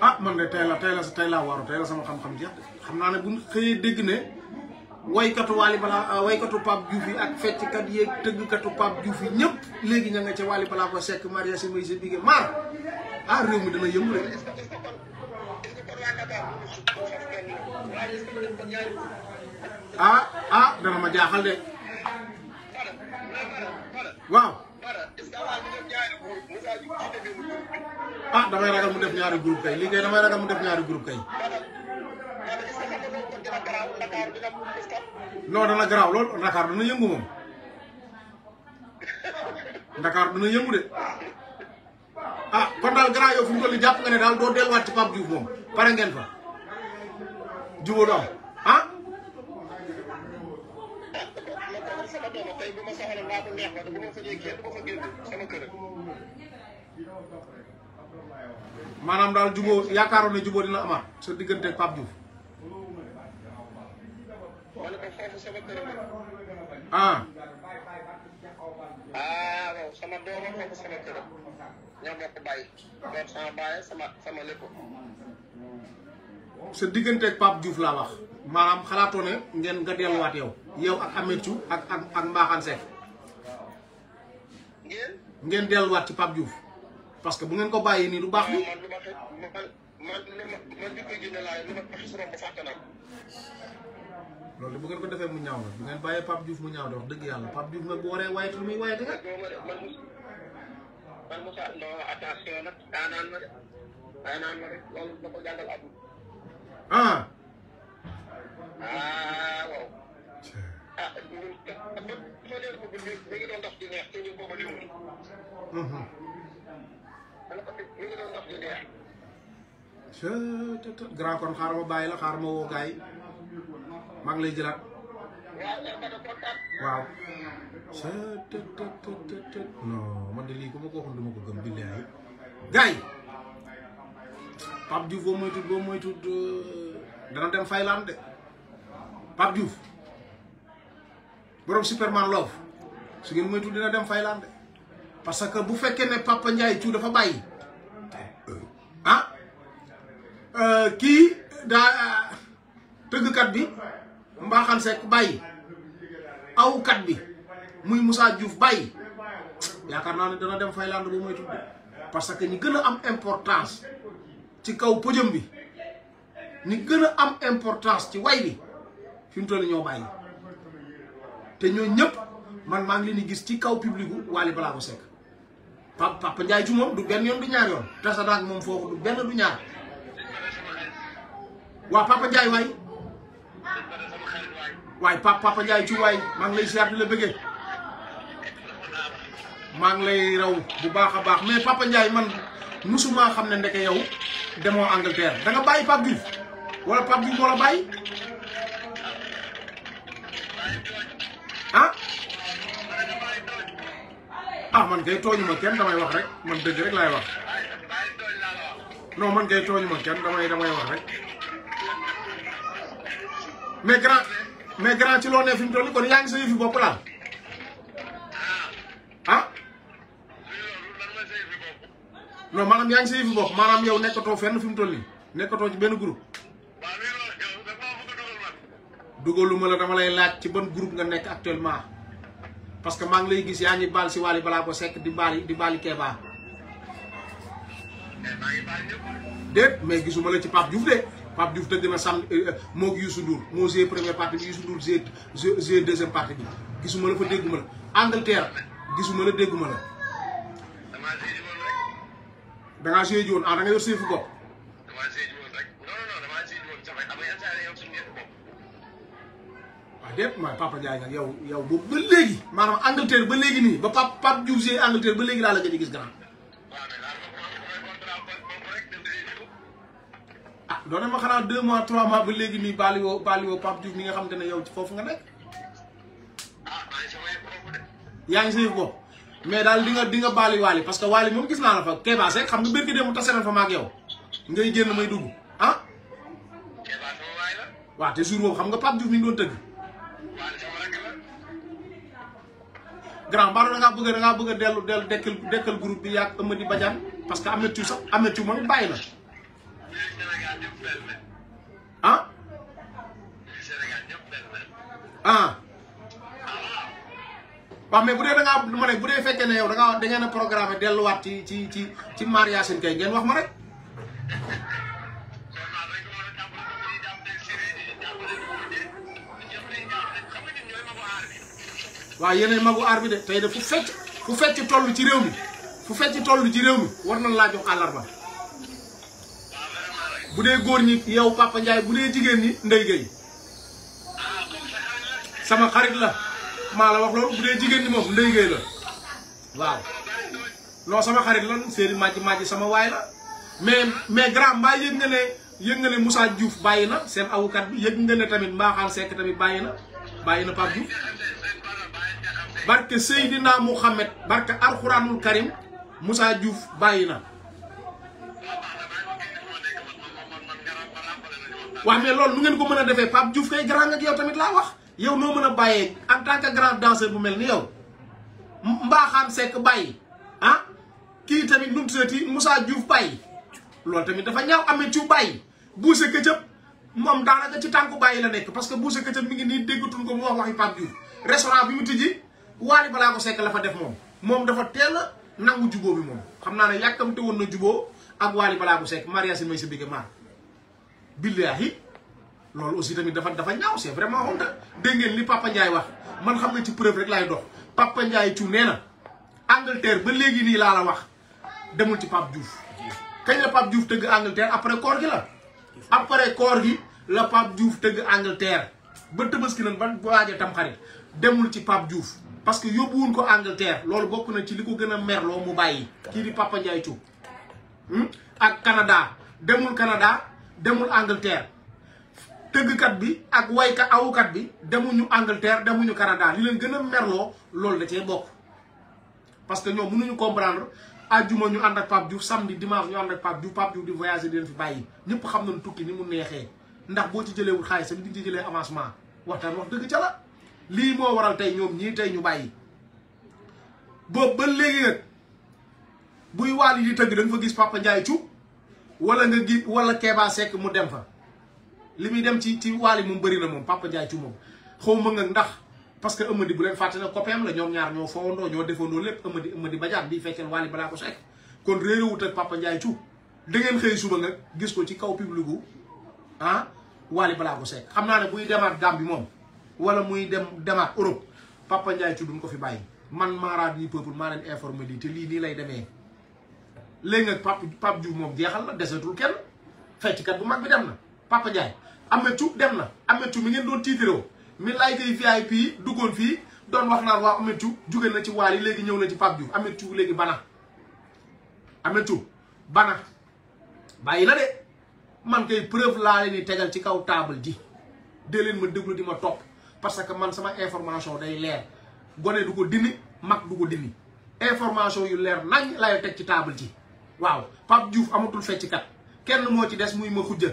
ah man de tey la tey la tey la sama xam-xam jeex xam naa ne bu ñu xëyee dégg ne waykatu Wally balaa euh, waykatu Pape Diouf yi ak fecckat yeeg tëggkatu Pape Diouf yi ñëpp léegi ña nga ca Wally balaa ko sekk Maria si may si bigé maar ah dana ma jaaxal de waaw ah damay ragal mu def ñaari groupe kay lii kay damay ragal mu def ñaari groupe kay. non dana garaaw lool Dakar dana yëngu moom. Dakar dana yëngu de. ah kon daal garaaw yow mu toll nii jàpp nga ne daal doo delluwaat ci Pape Diouf moom pare ngeen fa. jubóo do ma dooma tey bu ma soxla waa bu neex la te maanaam daal jubóo yaakaaroon ne jubóo dina amaat sa diggante Pape Diouf wala ah, ah sama dooma ko sa diggante Pape Diouf laa wax maanaam xalaatoo ngeen nga delluwaat yow yow ak Amethou ak ak ak Mbaxane Seck del wat ci pap Diouf parce que bu ngeen ko bàyyee ni lu bax ni lolou bu ngeen ko defee mu ñaaw nag bu ngeen bàyyee pap Diouf mu ñaaw de wax dëgg yàlla Pape Diouf bu waré way tu muy waaye ah ah waaw ah itu, bépp modèle bu bëgg mi ngi doon dox di neex te ñun boobu liwuñu. dana ko mi ngi doon dox di neex. grand kon xaar ma bàyyi la xaar ma woo gaay maa ngi lay jëlaat. waaw. non man de lii ku ma ko waxoon du ma ko borom superman love su ngeen moytu dina dem fayland parce que bu fekke ne papa ndjay cu dafa bàyyi eh. ah euh ki da eh, teug kat bi sek sekk aw kat bi muy musa Diouf bàyyi yaakaar naa ne dana dem fayland bu moytu parce que ni gën am importance ci kaw podium bi ni gën am importance ci way bi fim mu ñoo bàyyi té ñoo ñëpp man ma ngi leen di gis ci kaw publicu gu bala ko sék papa ndjay ju mom du ben yoon du ñaar yoon tassa ak mom foofu du ben du ñaar wa papa ndjay way way papa ndjay ci waay ngi lay ziar la ngi lay raw bu baaxa baax mais papa ndjay man musuma xam ndeké yow demo Angleterre da nga bayyi Pape Diouf wala Pape Diouf moo la man kay tooñu ma kenn damay wax rek man dëgg rek laay wax non man kay tooñu ma kenn damay damay wax rek mais grand mais grand ci loo ne fi mu toll nii kon yaa ngi sa yëfi bopp ah. Ah. ngi sa yëfi maanaam yow nekkatoo fenn fi mu toll nii nekkatoo ci benn groupe dugaluma la dama lay laaj ci ban groupe nga nekk actuellement. parce que maa ngi lay gis yaa ngi baal si Wally balaa ko sekk di baali di baali Kéba. déet mais gisuma la ci Pape Diouf de Pape Diouf tëgg na sam euh, euh, moo gi Youssou Ndour moo joué première partie bi Youssou Ndour joué joué deuxième partie bi gisuma la fa dégguma la Angleterre gisuma la dégguma la. da ngaa joué ji woon ah, yor séfu bopp. déet mooy Papa Ndiaye nag yow yow boobu ba léegi maanaam Angleterre ba léegi nii ba Pape Pape Diouf see Angleterre ba léegi laa la gëj a gis grand ah doon ma xanaa deux mois trois mois ba léegi nii baali woo baali woo Pape Diouf mi nga xam te ne yow ci foofu nga nekk yaa ngi sëy bopp mais daal di nga di nga baali waali parce que waali moom gis naa la fa Kéba Seck xam nga bérki dée mu tase na fa maag yow ngay génn may dugg ah waaw te jour boobu xam nga Pape Diouf mi grand baaro da ngaa bëgg da ngaa bëgg a dellu dellu dekkal dekkal groupe bi yàgg Amady Badiane parce que Ameth Thiou sax Ameth Thiou moom bàyyi na. ah. ah. waaw mais bu dee da ma ne bu dee fekkee ne yow da ngaa da programme a delluwaat ci ci ci ci mariage kay ngeen wax ma rek. waaw yeneen magu aar bi de tey de fu fecc fu fecc toll ci réew mi fu fecc toll ci réew mi war nañ laa jox àllarba bu dee góor ñi yow Papa Ndiaye bu dee jigéen ñi Ndeye sama xarit la maa la wax loolu bu dee jigéen ñi moom Ndeye la waaw non sama xarit lan séeri majji majji sama waay la mais mais grand mbaa yëg nga ne yëg nga ne Moussa Diouf bàyyi na seen awukat bi yëg nga ne tamit Mbaxal Seck tamit bàyyi na bàyyi na Pape Diouf barke sayidina Muhammad barke alquranul Karim musa Diouf bayina na wax mais loolu nu ngeen ko meuna defé pap Pape Diouf kay grand ak yow tamit la wax yow noo meuna baye en tant que grand danseur bu yow baye ah ki tamit num seuti musa Moussa Diouf bàyyi tamit dafa ñaw amé ci baye buuse këcëb moom daanaka ci tanku baye la nek parce que buuse këcëb mi ngi ni déggatul ko mo wax waxi pap Diouf restaurant bi mu wali bala ko sekk la fa def mom mom dafa tel a nangu yak bi mom xamna na ne won na juboo ak wali bala ko sekk maria sin may sibike ma billahi lolou aussi tamit dafa dafa ñaaw c'est vraiment honte de ngeen li Papa ndjay wax man xam nga ci preuve rek lay dox Papa ndjay ci neena Angleterre ba legui ni la la wax demul ci pap Diouf kañ la pap Diouf teug Angleterre après koor gi la après koor gi la pap Diouf teug Angleterre ba tebeski nan ban waaja tam xarit demul ci pap Diouf parce que won ko Angleterre lolou bokku na ci liko gëna mer lo mu bayyi ki di Papa ciou hmm ak Canada demul Canada demul Angleterre kat bi ak awu kat bi ñu Angleterre ñu Canada li leen gëna a merloo loolu da cee bok parce que mënu ñu comprendre aljuma ñu and ak pap Diouf samedi dimanche ñu and ak pap Diouf pap Diouf di voyager di leen fi bayyi ñepp xam nañu tukki ni mu nexé ndax bo ci wul xaaliss bi di jëlé avancement waxtan wax deug ci la lii moo waral tey ñoom ñii tey ñu bàyyi boobu ba léegi nag buy waal yi di tëgg da fa gis Papa Ndiaye cu wala nga gi wala Keba sekk mu dem fa li muy dem ci ci waal yi moom bëri na moom Papa cu moom xaw ma nga ndax parce que Amady bu leen fàtte ne copain la ñoom ñaar ñoo fowandoo ñoo defandoo lépp Amady Amady Badiane di fekkeel waali balaa ko Seck kon réeré wut ak Papa cu da ngeen xëy suba nga gis ko ci kaw public gu ah waali balaa ko xam naa ne buy demaat Gàmbi moom wala muy dem demaat Europe Papa Ndiaye ci duñ ko fi bàyyi man maaraat yi peuple maa leen informé lii te lii nii lay demee léegi nag Papa Pape Diouf moom jeexal na desetul kenn fecckat bu mag bi dem na Papa Ndiaye Ametou dem na Ametou mi ngeen doon tiitiroo mi lay tey VIP yi duggoon fii doon wax naan waaw Ametou jóge na ci waal yi léegi ñëw na ci Pape Diouf Ametou léegi bana Ametou bana bàyyi na de man kay preuve laa leen di tegal ci kaw taabal ji dee ma déglu di ma topp parce que man sama information day leer gone du ko dindi mag du ko dindi information yu leer nañ lay teg ci table ji waaw Pape Diouf amatul fecc kat kenn moo ci des muy ma xujja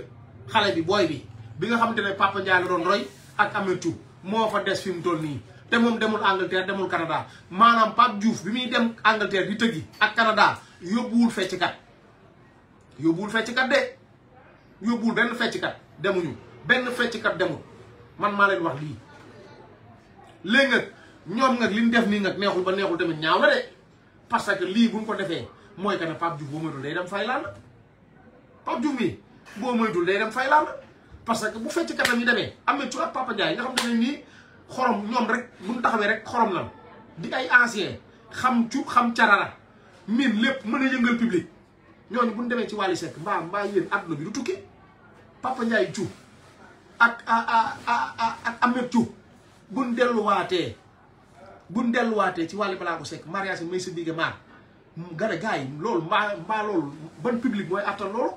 xale bi booy bi bi nga xam ne Papa Ndiaye la doon roy ak Amathou moo des fi mu toll nii te moom demul Angleterre demul Canada maanaam Pape Diouf bi muy dem Angleterre di tëggi ak Canada yóbbuwul fecc kat yóbbuwul fecc kat de yóbbuwul benn fecc kat demuñu benn fecc kat demul man maa leen wax lii. léegi nag ñoom nag li ñu def nii nag neexul ba neexul tamit ñaaw na de parce que lii bu ñu ko defee mooy que ne Pape Diouf boo moytul day dem fay laal la Pape Diouf boo moytul day dem fay laal la parce que bu fecc katam yi demee am na cuuraat Papa Ndiaye nga xam ne nii xorom ñoom rek bu ñu rek xorom lan di ay ancien xam cu xam carara miin lépp mën a yëngal public ñooñu bu demee ci Wally Seck mbaa mbaa yéen àdduna bi du tukki Papa Ndiaye Diouf ak ak ak buñ delluwaatee buñ delluwaatee ci wàllu balaa ko sekk mariage bi may sa digg maar gara gars yi loolu mbaa mbaa loolu ban public mooy attan loolu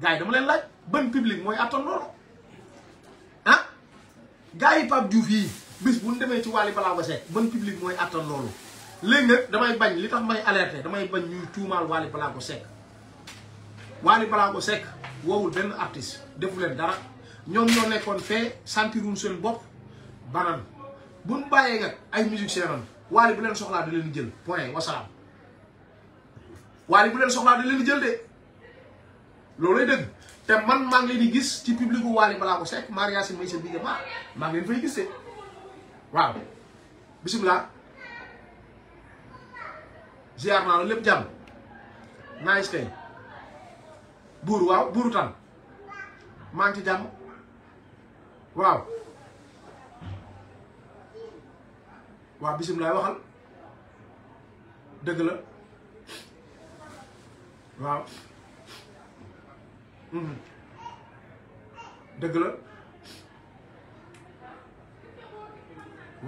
gars yi dama leen laaj ban public mooy attan loolu ah gars yi Pape Diouf yi demee ci wàllu balaa ko sekk ban public mooy attan loolu léegi nag damay bañ li tax may alerter damay bañ ñuy tuumaal wàllu balaa ko sekk wàllu balaa ko sekk woowul benn artiste defu leen dara ñom ñoo fé fee sentiruñ seen bop banan buñ bayé nak ay musiciens lan wali bu len soxla da len jël point salam wali bu len soxla da len jël de lolay dëgg té man ma ngi di gis ci publicu wali bala ko sék maria si may sé dige ma ma ngi fay gisee waaw bismillah ziar na lepp jam nice tey buur waaw buru tan ci waaw waaw bisimilah waxal mhm. dëgg la waaw dëgg la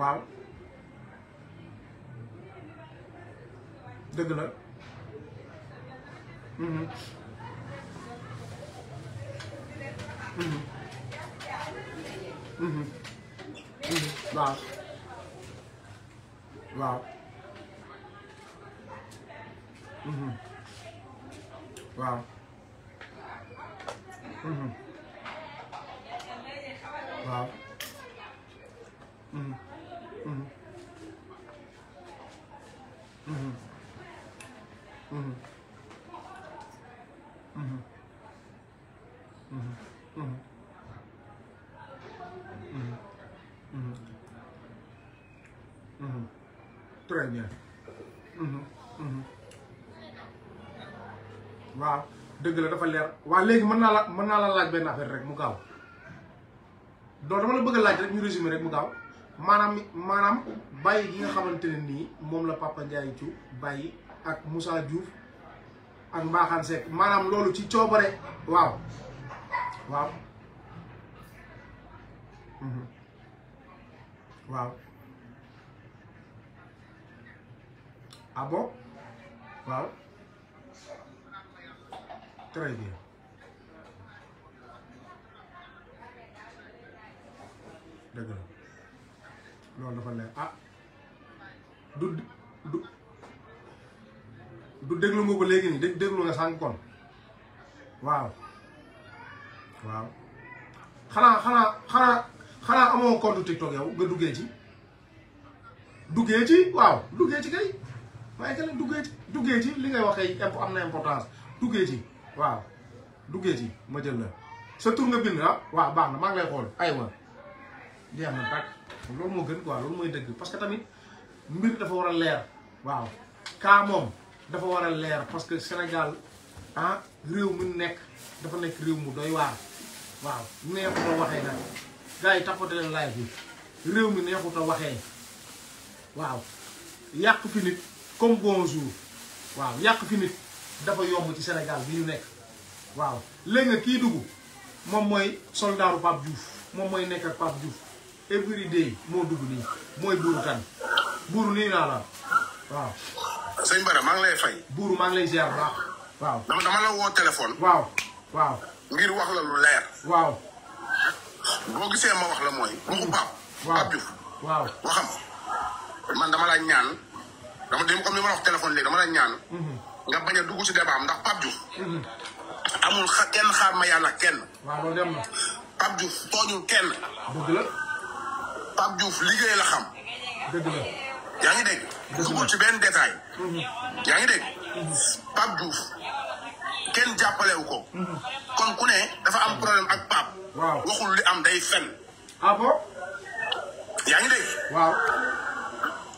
waaw dëgg la Mm-hmm. Mhm. waaw waaw waaw waaw dëgg la dafa leer waa léegi mën naa la mën naa la laaj benn affaire rek mu gaaw doo dama la bëgg a laaj rek ñu résumé rek mu gaaw maanaam maanaam bàyyi gi nga xamante ne nii moom la Papa Ndiaye Thiou bàyyi ak Moussa Diouf ak Mbaxane Seck maanaam loolu ci coobare waaw waaw mhm. waaw ah waaw Très bien. dëgg la loolu dafa leer ah du du nga ko léegi nii déglu nga sànq waaw waaw xanaa xanaa xanaa xanaa amoo compte TikTok yow nga duggee ci duggee ci waaw duggee ci kay waaye que duggee ci duggee ci li ngay waxee am na importance duggee ci. waaw duggee ci ma jël la sa tur nga bind ah waaw baax na maa ngi ay xool aywa jeex na tàkk loolu moo gën quoi loolu mooy dëgg parce que tamit mbir dafa war a leer waaw kaa moom dafa war a leer parce que Sénégal ah réew mu nekk dafa nekk réew mu doy waar waaw neexut a waxee nag gars yi tappate leen live bi réew mi neexut waxee waaw yàq fi nit comme bonjour waaw yàq fi nit dafa yomb ci senegal bi ñu nekk waaw léegi nag kii dugg moom mooy soldaaru Pape Diouf moom mooy nekk ak Pape every day moo dugg nii mooy buuru kan buuru nii naa la waaw. sëñ Bara maa ngi lay fay. buuru maa ngi lay ziar baax waaw. dama la woo téléphone. waaw ngir wax la lu leer. waaw. boo gisee ma wax la mooy. waxu Pape. waaw Pape Diouf. waaw waxam man dama la ñaan dama comme ni ma la wax téléphone léegi dama la ñaan. Mm-hmm. nga bañ a dugg ci am ndax Pape Diouf amul kenn xaar ma yàlla kenn. waaw juuf na. Pape Diouf kenn. dëgg la. liggéey la xam. yaa ngi dégg. duggul ci benn détail. Mm-hmm. yaa ngi dégg. Pape Diouf kenn jàppalewu ko. Mm-hmm. kon ku ne dafa am problème ak Pape. waaw waxul li am day fen. Ah yaa ngi dégg.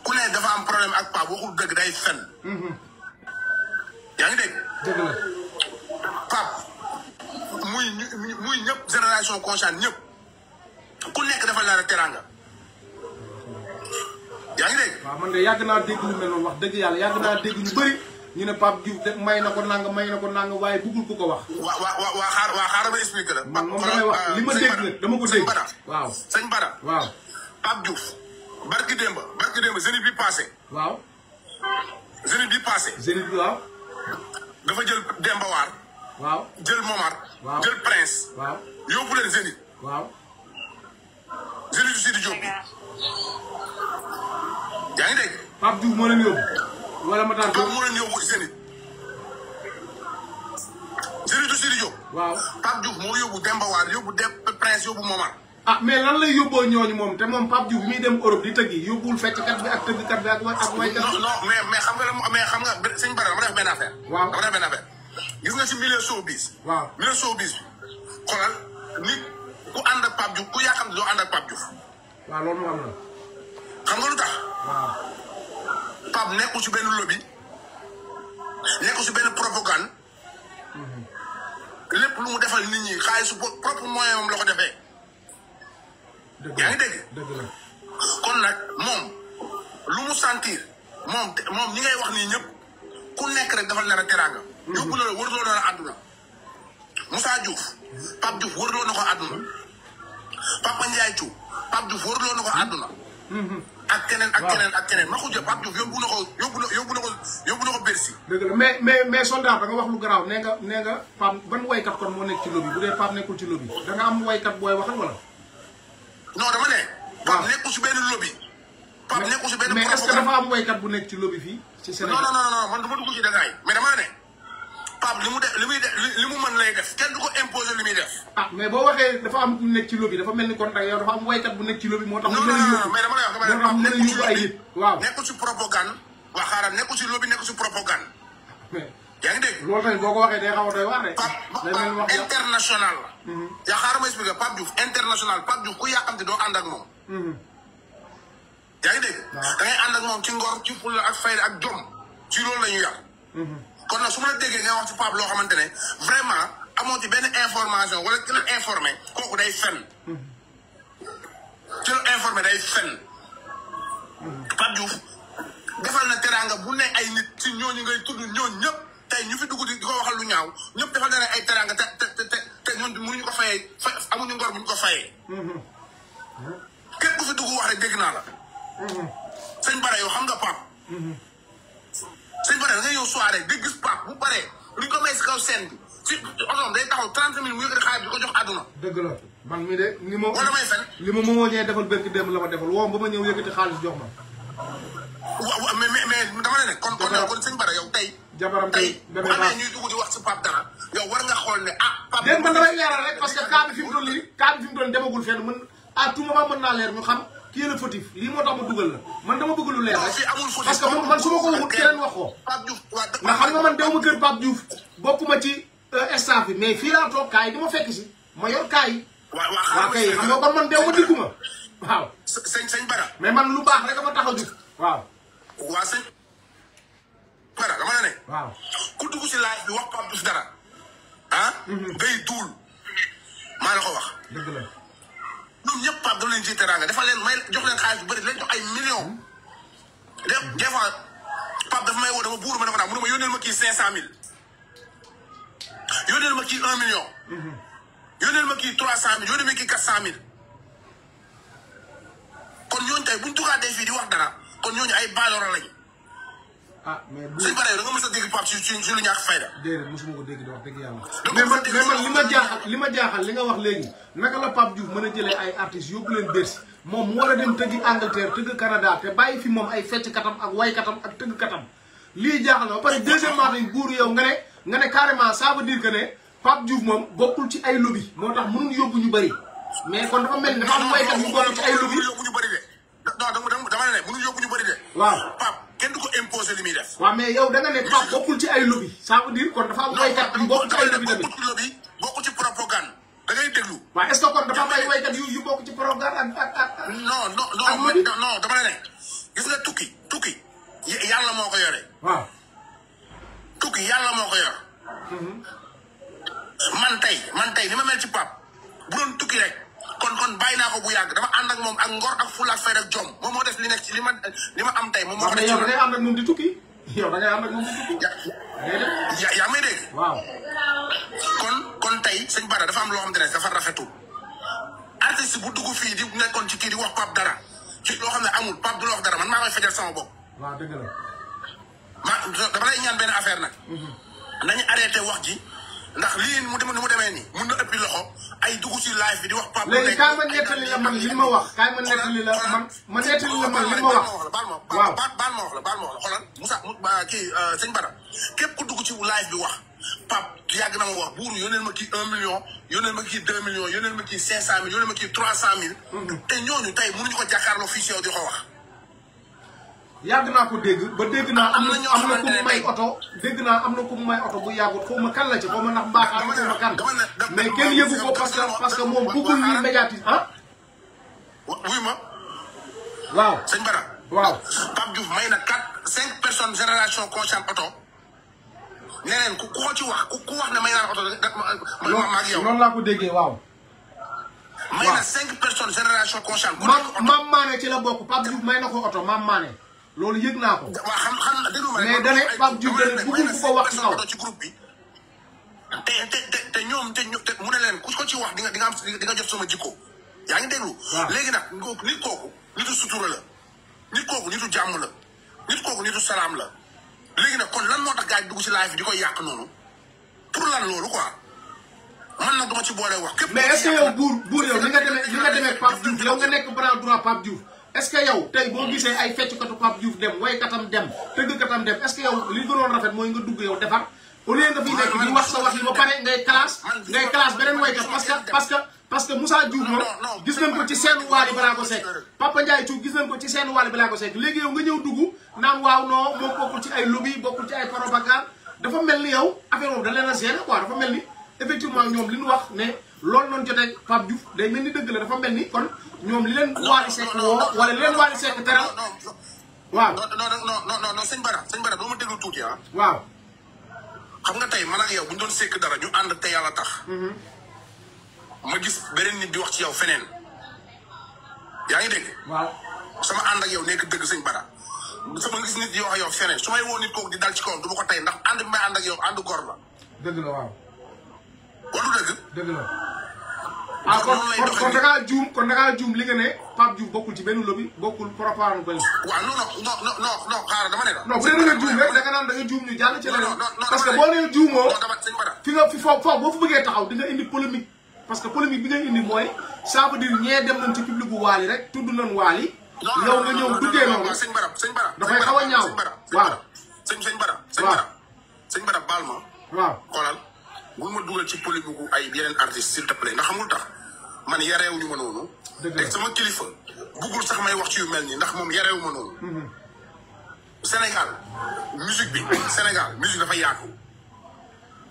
ku ne dafa am problème ak Pape waxul dëgg day fen. Mm-hmm. yaa ngi dégg. dëgg la. Pape muy muy ñëpp génération consciente ñëpp ku nekk dafa laal teranga yaa ngi dégg. waaw man de yàgg naa dégg lu mel noonu wax dëgg yàlla yàgg naa dégg ñu bëri ñu ne Pape Diouf de may na ko nang may na ko nang waaye bëggul ku ko wax. wa wa wa xaar waa xaaral ma expliqué la. man moom damay wax euh, li ma dégg la dama ko dégg. waaw sëñ Bada waaw. Pape Diouf barki démba barki démba jeudi bi passé. waaw. jeudi bi passé. jeudi bi waaw. dafa jël Demba War. waaw jël Momar. waaw jël Prince. waaw yóbbu leen Zénith. waaw. Zénith Sidi Diop bi. yaa ngi dégg. Pape moo leen yóbbu. wala Matar Diop Pape moo leen yóbbu Zénith. Zénith Sidi Diop. waaw Pape Diouf moo yóbbu Demba yóbbu Demba Prince yóbbu Momar. ah mais lan lay yóbboo ñooñu moom te moom Pape Diouf bi muy dem Europe di tëggi yóbbul fecckat bi ak tëggkat bi ak wa ak xam nga mais xam nga gis nga si milieu showbiz. bi xoolal nit ku ànd ak Pape Diouf ku yaakaar ne doo xam nga lu tax. waaw Pape nekkul si benn lobby nekkul si benn propagande mhm. lépp lu mu defal nit ñi xaalis su propre moyen moom la ko defee. yaa ngi dégg. kon nag moom lu mu sentir moom moom ñi ngay wax nii ñëpp ku nekk rek dafa nar a yóbbu na la wërloo na la àdduna. Moussa Diouf Pape Diouf wërloo na ko àdduna Papa Ndiaye Thiou ko àdduna. Mm-hmm. ak keneen ak keneen ak keneen Makhou Dia Pape Diouf yóbbu ko yóbbu na yóbbu na ko dëgg la mais mais mais soldat wax lu garaaw nee nga nee nga Pape ban waykat kon moo nekk ci lobby bu dee Pape nekkul ci lobby da nga am waykat booy waxal wala. non dama ne. waaw nekkul si benn lobby. Pape nekkul si benn. mais bu nekk ci lobby fii. ci Sénégal non non non man dama dugg ci dagaay mais damaa ne. Pape li mu def li muy def mu mën lay def kenn du ko imposer li muy def. ah mais boo waxee dafa am ku nekk ci lobby mel ni contact yow dafa am waykat bu nekk ci moo tax. a yóbbu mais dama lay wax dama lay wax nekkul si lobby waaw nekkul xaaral nekkul si lobby nekkul si propagande. yaa ngi dégg. loolu tamit boo ko waxee day a doy waar rek. Pape international la. Mhm. yaa xaaral ma expliqué Pape Diouf international Pape Diouf ku yàqamti doo ànd ak moom. Mhm. yaa ngi dégg. da ngay ak moom ci ngor ci fulla ak fayda ak jom ci loolu la ñu mhm. kon nag su ma la déggee ngay wax ci Pape loo xamante ne vraiment amoo ci benn information wala ki la informé kooku day fenn. ci la informé day fenn. Pape Diouf defal na teraanga bu ne ay nit ci ñooñu ngay tudd ñooñu ñëpp. tey ñu fi dugg di ko waxal lu ñaaw ñëpp dafa dana ay teranga te te te ñu ñun mënuñu ko fayee fa amuñu ngor buñu ko fayee. képp ku fi dugg wax rek dégg naa la. sëñ Bara yow xam nga Pape. sëñ Bara da ngay yow soirée di gis Pape bu ko may si kaw scène day taxaw trente mille mu yëkkati xaalis bi ko jox àdduna. ni ma. wala may fen li ma moomoo ñee defal bëgg démb la ma defal woom ba ma ñëw yëkkati xaalis jox ma. waaw waaw mais mais kon kon kon sëñ Bara yow tey. jabaram tey bu amee ñuy dugg di wax si Pape Dara yow war nga xool ne ah. Pape Dara man damay leeral rek parce que cas fi mu toll nii fi mu toll demagul fenn mën à tout moment mën naa leer ñu xam kii la fautif lii moo tax ma dugal la man dama bëgg lu leer parce que man su ko waxul keneen wax ko ndax xam nga man ci euh, bi mais fekk ma yor kay xam nga man digguma waaw Bara mais man lu rek ma waaw Pera dama la ne. kusi ku dugg si live bi wax Pape dara ah. Mm-hmm. day duul maa la ko wax. dëgg la ñoom ñëpp Pape dama leen ciy teraanga dafa leen may jox leen xaalis bu bëri leen jox ay millions. Hmm? de des fois Pape dafa may woo dama buur ma dafa naa mu ne ma yónneel ma kii cinq cent mille yónneel ma kii un million. Mm-hmm. yónneel ma kii trois cent mille yónneel ma kii quatre kon ñooñu tey bu ñu dugaatee fii di wax dara kon ñooñu ay baadoolo lañu. ah mais bu suñ paree da a dégg Pape si suñ man li ma jaaxal li ma jaaxal li nga wax léegi naka la Pape Diouf mën a jëlee ay artistes yóbbu leen Bercy moom mu war a dem tëggi Angleterre tëgg Canada te bàyyi fi moom ay fecc katam ak way katam ak tëgg katam lii jaaxal na ba pare deuxièmement dañ buuru yow nga ne nga ne carrément ça veut dire ne Pape Diouf moom bokkul ci ay lobby moo tax mënuñ yóbbu ñu bëri mais kon dafa mel ni dafa am waykat yu boole ci ay lobby. mënuñ yóbbu ñu bëri de non dama dama ne waaw kenn du ko imposer li muy def. waaw mais yow da nga ne Pape bokkul ci ay lobby. ça veut dire kon dafa am waykat yu bokk ci ay lobby tamit lobby bokk ci propagande da ngay déglu. waaw yu bokk ci propagande ak ak non non non non dama ne ne gis nga tukki tukki yàlla moo ko yore. waaw tukki yàlla moo ko yor. Mhm. man tey man tey ni ma mel ci Pape bu doon tukki rek kon kon bàyyi naa ko bu yàgg dafa ànd ak moom ak ngor ak fulla ak fayda ak li ma am tey moom moo ko def ci yow da ngay ànd ak moom di tukki yow da ngay ànd yaa yaa may kon kon tey sëñ Bada dafa am loo xam ne dafa rafetul artiste bu dugg fii di nekkoon ci kii di wax Pape dara ci loo xam ne amul Pape du la dara man maa koy fajal sama bopp. waaw dëgg la. ma dama lay ñaan benn affaire nag. Mhm. nañu arrêté wax ji. ndax lii mu dem demee nii mun na ëppi loxo ay dugg ci live bi di wax Pape. léegi kaay ma nettali la man li wax. kaay ma nettali la man ma nettali la man li wax. baal wax la baal wax la baal ma wax la xoolal Moussa kii euh, sëñ Bada ku dugg ci live bi wax Pape yàgg na ma wax buuru yónneel ma kii un million yónneel ma kii deux millions yónneel ma kii cinq cent mille yónneel ma kii trois cent mille. Mm-hmm. te ñooñu tey mënuñu ko jàkkaarloo fii si di ko wax. yàgg naa ko dégg ba dégg naa. Ah, am na ñoo am na ku may oto. dégg naa am na ku may oto bu yàggut xaw ma kan la ci xaw ma que parce que moom bëggul ah? may na quatre cinq personnes génération consciente oto. neneen ko ne may oto rek déggee waaw. may na cinq personnes génération consciente. maam maane ci la bokk Pape Diouf may na ko oto maam maane. loolu yëg naa ko. xam xam déglu ma mais da ne Pape Diouf da ne bëggul ku ko wax si te ñoom te ñoom te mu ne leen ku ko ci wax di nga di nga a di nga jot sama jikko. yaa ngi déglu. léegi nag nit kooku nitu sutura la. nit kooku nitu jàmm la. nit kooku nitu salaam la. léegi nag kon lan moo tax gars yi dugg ci live di koy yàq noonu. pour lan loolu quoi. man a dama ci boole wax. képp mais est-ce que yow buur buur nga demee ni nga demee Pape Diouf yow nga nekk bras droit Pape est-ce que yow tey boo gisee ay feccukatu Pape Diouf dem waykatam dem tëggkatam dem est-ce que yow li gënoon rafet mooy nga dugg yow defar au lieu nga fiy nekk di wax sa wax yi ba pare ngay classe ngay classe beneen waykat parce que parce gis nañ ko ci seen Wally Ballago ko ci léegi yow nga ñëw dugg naan waaw non moom bokkul ci ay lobby bokkul ci ay propagande dafa mel ni yow affaire boobu da leen a gêné dafa mel ni effectivement ñom li ñu wax né lool non jotté pap Diouf day melni deug la dafa melni kon ñom li leen No sék no wala no leen waaw non non non non non Bara sëñ Bara doo ma déglu tuuti ah waaw xam nga tey man ak yow bu doon sekk dara ñu ànd te yàlla tax mhm. ma gis nit di wax ci yow dégg waaw sama ànd ak yow nekk dëgg Bara sama gis nit di wax yow feneen su may nit di dal ci kawam du ko tey ndax ànd may ànd ak yow gor la la waaw kon du dëgg. dëgg la. ah kon kon da ngaa juum kon da ngaa juum li nga ne Pape Diouf bokkul ci benn lobby bokkul propagande benn. waaw non non non non non xaaral dama ne la. non bu dee da nga juum rek da nga naan da nga juum ñu jàll ci leneen. parce que boo nee juumoo. fi nga fi foofu foofu boo fa bëggee taxaw di nga indi polémique. parce que polémique bi nga indi mooy ça veut dire ñee dem nañ ci public bu waali rek tudd nañ waali. yow nga ñëw duggee noonu. sëñ Barab sëñ Barab dafay xaw a ñaaw. waaw sëñ sëñ Barab. waaw sëñ Barab baal ma. waaw A bul ma dugal ci polémique gu ay yeneen artistes s'il te plaît ndax xamul tax man yareewuñu ma noonu. dëgg sama kilifa buggul sax may wax ci yu mel nii ndax moom yareewu ma noonu. Mm-hmm. Sénégal musique bi Sénégal musique dafa yaatu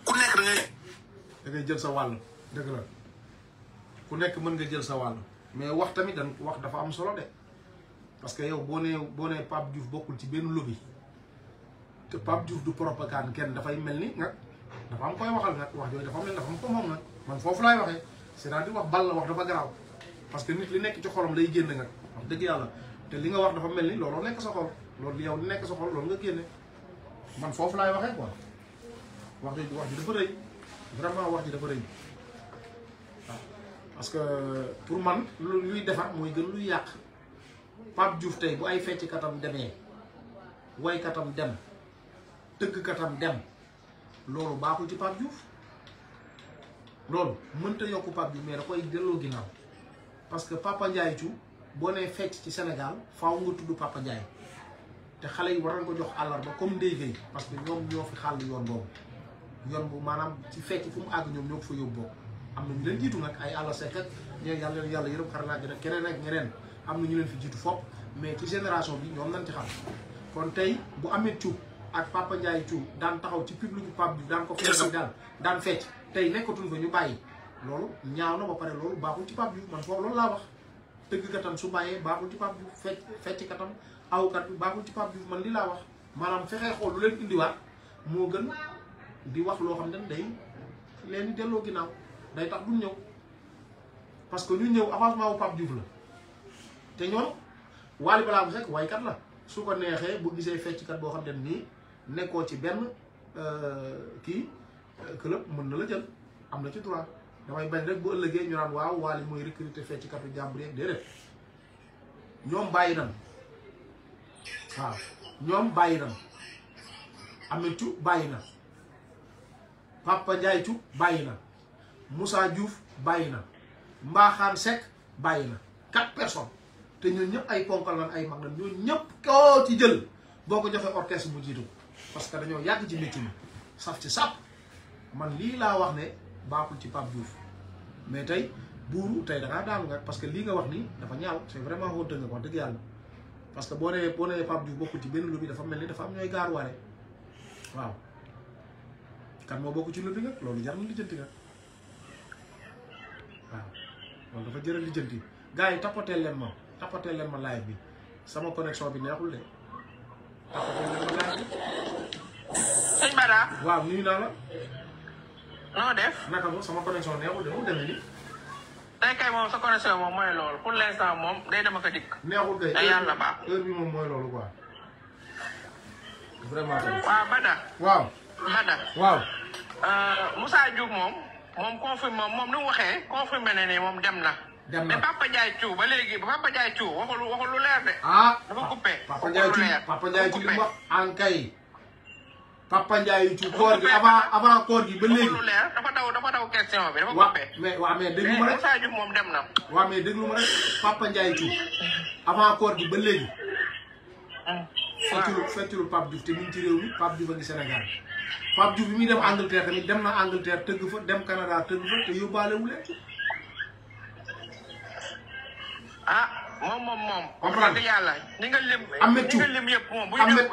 ku nekk da ngay. jël sa wàll dëgg la ku nekk mën nga jël sa wàll mais wax tamit dañ wax dafa am solo de parce que yow boo nee boo nee Pape Diouf bokkul ci benn lobby te Pape Diouf du propagande kenn dafay mel ni nga. dafa am koy waxal nag wax jooju dafa am ne dafa am ko moom nag man foofu laay waxee cest à wax bal la wax dafa garaaw parce que nit li nekk ci xolam lay génn nag wax dëgg yàlla te li nga wax dafa mel ni looloo nekk sa xol loolu yow li nekk sa xol loolu nga génne man foofu laay waxee quoi wax jooju wax ji dafa rëy vraiment wax ji dafa rëy parce que pour man lu luy defar mooy gën luy yàq Pape Diouf tey bu ay fecc katam demee way katam dem tëgg katam dem loolu baaxul ci Pape Diouf loolu mënta yokku Pape Diouf mais da koy delloo ginnaaw parce que Papa Ndiaye cu boo nee fecc ci Sénégal faaw nga tudd Papa Ndiaye te xale yi waral nañ ko jox àllarba comme Ndeye Gueye parce que ñoom ñoo fi xàll yoon boobu yoon bu maanaam ci fecc fu mu àgg ñoom ñoo ko fa yóbbu am na ñu leen jiitu nag ay àll sekk ak ñoom yàlla yàlla yërëm xaralaaj nag keneen ak ñeneen am na ñu leen fi jiitu fopp mais ci génération bi ñoom nañ ci xam kon tey amee cuub. ak Papa Ndiaye daan taxaw ci public bu Pape Diouf daan ko feeñ daan daan fecc tey nekkatul fa ñu bàyyi loolu ñaaw na ba pare loolu baaxul ci Pape Diouf man foofu loolu laa wax tëgg katam su bàyyee baaxul ci Pape Diouf fecc fecc katam awkat bi baaxul ci Pape Diouf man li laa wax maanaam fexee xool lu leen indiwaat moo gën di wax loo xam ne day leen di delloo ginnaaw day tax duñ ñëw parce que ñu ñëw avancement wu Pape Diouf la te ñoom Wally Ballago Seck waykat la su ko neexee bu gisee fecckat boo xam ne nii nekkoo ci benn euh, ki euh, club mën na la jël am na ci droit damay bañ rek bu ëllëgee ñu naan waaw nyom mooy recruter fecc Papa Ndiaye Thiou bàyyi Moussa Diouf bàyyi na Mbaxaan Seck bàyyi na quatre personnes te ay ponkal lan ay ñun koo ci jël boko orchestre bu parce que dañoo yàgg ci métier mi saf ci sàpp man lii laa wax ne baaxul ci Pape Diouf mais tey buuru tey da ngaa daanu nga parce que lii nga wax nii dafa ñaaw c'est vraiment honte nga wax dëgg yàlla parce que boo nee boo nee Pape Diouf bokkul ci benn lobby dafa mel ni dafa am ñooy gaaruwaale waaw kan moo bokk ci lobby nga loolu jar na lijjanti nga waaw loolu dafa jëral lijjanti gars yi tapoteel leen ma tapoteel leen ma live bi sama connexion bi neexul de. sëñ Bada. waaw nuyu naa la. noo def. naka moom sama connexion neexul de mu demee nii. tey moom sa connexion moom mooy loolu pour l' instant moom day dama ko dikk. neexul kay te moom mooy loolu quoi. vraiment. Bada. waaw Bada. waaw. Euh, Moussa Diouf moom moom confirme moom ni mu waxee confirme na ne moom dem na. dem na mais Papa Ndiaye Thiou ba léegi Papa Ndiaye Thiou waxul waxul lu leer de. ah dafa coupé Papa Ndiaye Thiou Papa Ndiaye Thiou wax ankay Papa Ndiaye Thiou koor gi avant avant koor gi ba léegi. waxul lu leer dafa daw dafa daw question bi dafa coupé. mais waaw mais déglu ma rek Sadio moom dem na. waaw mais déglu ma rek Papa Ndiaye Thiou avant koor gi ba léegi. Ah. feccul feccul Pape Diouf te mu ngi ci réew mi Pape Diouf a ngi Sénégal Pape Diouf bi muy dem Angleterre tamit dem na Angleterre tëgg fa dem Canada tëgg fa te yóbbaale wu leen ah moom moom moom. comprendre wax yàlla ñi nga lim. ñi nga lim yëpp moom bu ñu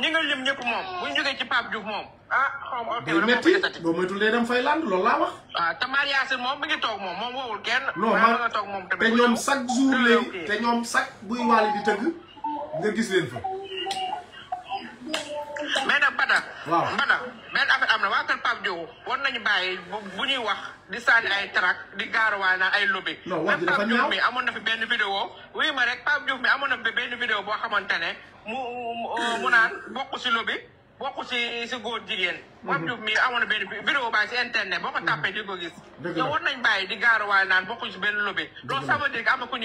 ñi nga lim ñëpp moom bu ñu ci Pape Diouf moom. ah ma day métti boo moytul day dem fay land loolu laa wax. ah Tamar moom mi ngi toog moom moom woowul kenn. non man te ñoom chaque jour léegi te ñoom chaque buy waale di tëgg nga gis leen fa. mais nag Bada. waaw Bada benn affaire am na waa kër Pape Diouf war nañu bàyyi bu ñuy wax di sànni ay tarak di gaar gaaruwaay naa ay lobby. non wax ji dafa mi amoon na fi benn vidéo wuyu ma rek Pape Diouf mi amoon na fi benn vidéo boo xamante ne mu mu naan bokk si lobby. bokku ci si góor jigéen. Pape mhm. Diouf mi amoon na benn vidéo baa ci internet boo ko mhm. tàppee di ko gis. dëgg war bàyyi di gaaruwaay naan bokkuñ ci benn lobby. loolu ça veut dire que am waxal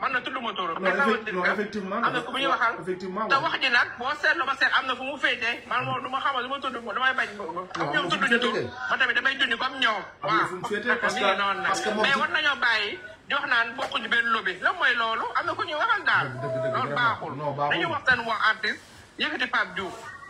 man mais wax ji wax naan wax artiste yëkkati Pape Diouf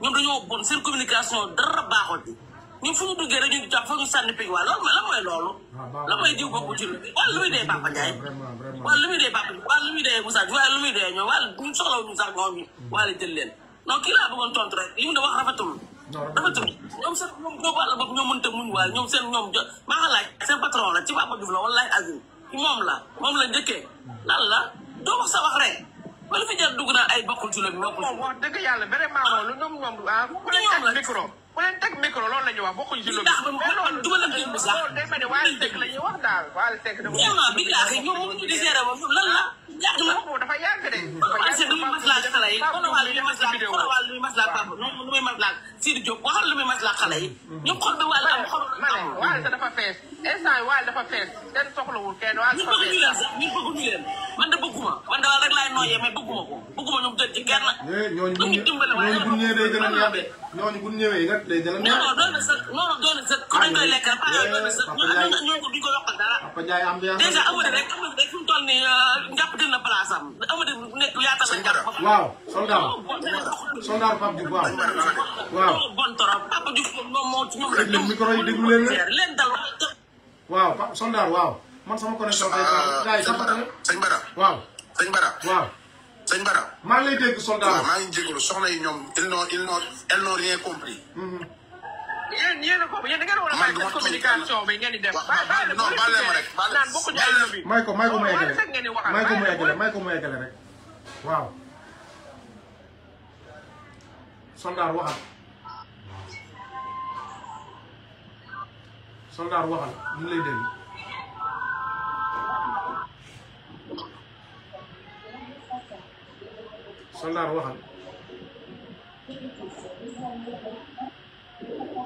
ñoom dañoo bon seen communication dara baaxul bi ñun fu ñu duggee rek ñu jàpp fa ñu sànni pig waa loolu la mooy loolu ah, la mooy diw bokku ci lu wala lu muy dee Papa Ndiaye wala lu muy dee Papa wala lu muy dee Moussa wala lu muy dee ñoom wala duñ soxla wuñu sax ñoom mm. yi wala jël leen non kii laa bëggoon tontu rek li mu ne wax rafetul rafetul ñoom seen ñoom ñoom wàlla bopp ñoom mënta muñ waaye ñoom seen ñoom jo maa nga laaj seen patron la ci Papa Diouf la wala laaj Azim moom la moom la njëkkee mm. lan la doo wax sa wax rek wala fi jar dugg naa ay bokkul ci la bokkul ci. Oh, wax dëgg yàlla ah, teg micro ku la ñuy wax bokkul ci la. mais loolu loolu day mel la ñuy wax daal Wally Seck. vraiment bi nga xam ne ñoom di gérer ba lan la. yàgg na dafa yàgg de. parce que lu muy maslaa xale yi mm-hmm. xoolal lu muy maslaa xoolal lu muy maslaa papa lu muy maslaa Sidi Diop waxal lu muy maslaa xale yi. ñoom xol bi waal am xol am. waal dafa fees instant waal dafa fees kenn soxlawul kenn waal dafa fees. ñu bëgg ñu leen sax ñu bëgg ñu leen man de bëgguma man daal rek laay nooyee mais bëgguma ko bëgguma ñoom gën ci kenn. Eh, ñooñu bu ñu ñooñu bu ñu ñëwee day gën a ñaax ñooñu bu ñu ñëwee nag day gën a ñaax. non non doon na sëkk non non doon na sëkk kon dañ koy lekk rek papa doon na sëkk eh, ñu ko duñ ko yokkal dara. déjà amuñu rek fi mu toll nii euh, njàpp jël na place am Amady nekk yaatal na jàpp. waaw soldat soldat Pape Diouf waaw. waaw bon torop Pape Diouf moom moo moom la. déglu micro yi déglu leen leen dal waaw Pape soldat waaw man sama connexion. Euh, gars yi sama sëñ Bada waaw sëñ Bada waaw. sëñ Bada. maa ngi lay dégg soldat waaw maa ngi jégalu soxna yi ñoom ils n'ont ils n'ont ils n'ont rien compris. Mm-hmm. yéen yéen a ko yéen da ngeen war a bàyyi seen communication bi ngeen di def. bàyyi non bàyyi leen ma rek naan bokkuñu àll bi. may ko may ko mu yeggale may ko mu yeggale may ko mu yeggale rek waaw. soldaar waxal soldaar waxal ñu lay déglu. soldaar waxal.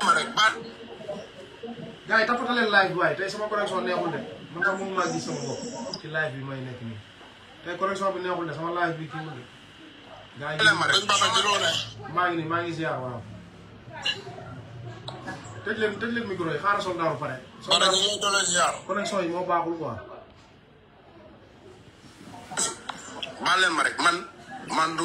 ma rek baat. gars yi tapataleen live bi waaye tey maa bi may nekk bi neexul de sama live bi kii wul maa ngi nii maa ngi ziar waaw. tëj leen tëj leen micro yi xaaral soldat bu pare. soldat bu moo baaxul quoi. baal leen ma rek man man du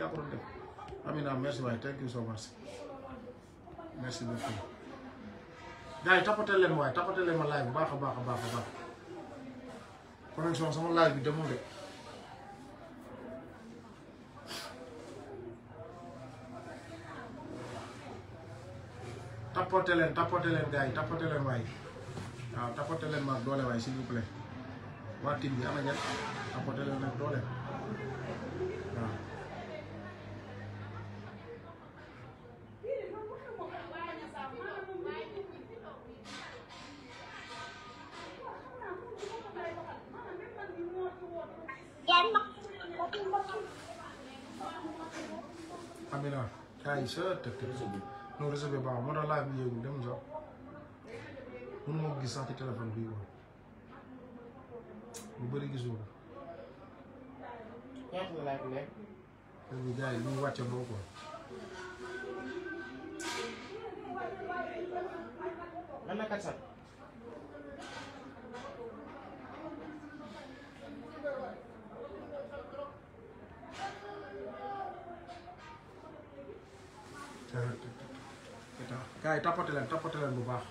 y' a problème Amina merci waay thank you so much merci beaucoup yi tapoté leen waaye tapoté leen ma live bu baax a baax a baax a baax connexion sama live bi demul de tapoté leen tapoté leen gars yi tapoté leen waay waaw tapoté leen ma doole waay s'il vous plaît waa team bi am na ñett tapoté leen nag doole. tëb tëb non réseau bi baaxul moo tax laaj bi yéegul dem sax mënu ma gis sax ci téléphone bi quoi lu bëri gisoo ko. ñaata la laaj bi nekk. parce que gars yi ñu wàcce boo quoi. man gaay yi len leen len bu baax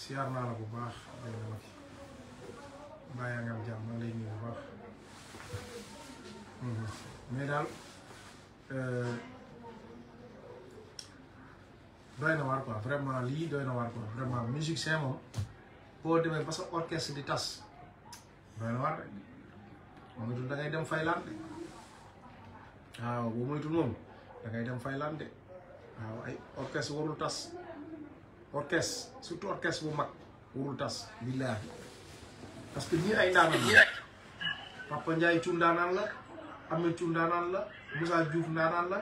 siar na la bu baax baye na la bàyyi nga am jàmm lay nuyu bu hmm. baax mais daal eh, doy na war quoi vraiment li doy na waar quoi vraiment musique c'est moom bo demé parce que orchestre di tass doy na waar rek moom itul da ngay dem fay lan ah waaw moy moytul moom da ngay dem fay lan de Orkes ah, ay orkes, warul tas orchestre surtout orchestre bu mag warul tas billaahi parce que ñii ay ndaanaan la Papa Ndiaye Thioune ndaanaan la Ameth Thioune ndaanaan la Moussa Diouf ndaanaan la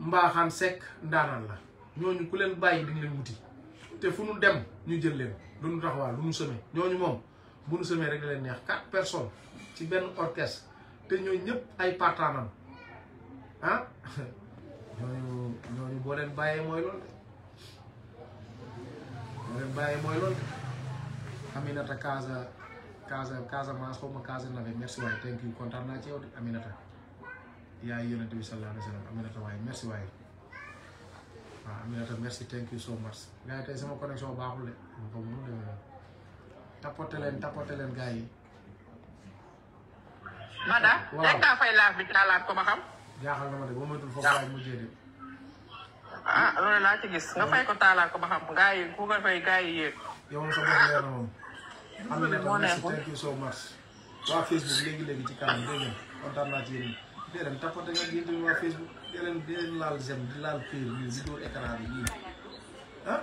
Mbaxaan Seck ndaanaan la ñooñu ku leen bàyyi dañ leen wuti te fu dem ñu jël lu nu taxawaa lu nu semé ñooñu mom, bu nu semé rek da neex quatre personnes ci te ñooñu ñëpp ay partaanam ah ñooñu ñooñu boo leen bàyyee mooy loolu de boo leen bàyyee mooy loolu de Aminata Casa Casamance xaw ma Casa Navé merci waaye thank you kontaan naa ci yow de Aminata yaay yonent bi sallallahu Aminata waaye merci waaye waaw Aminata merci thank you so much gars yi tey sama connexion baaxul de boobu leen tapote leen gars yi. maanaam. waaw dañ fay laaf bi taalaat ko ma xam. jaaxal na ma de boo moytul foofu laay mujjee de. ah loolu laa ci gis nga fay ko taalaa ba xam gaa ku nga fay gaa yi yéeg. yow moom am na naa ci yéen ñi. dee leen tappate nga yéen tamit waa Facebook dee leen dee laal j'aime di laal page bi di dóor écran yii ah.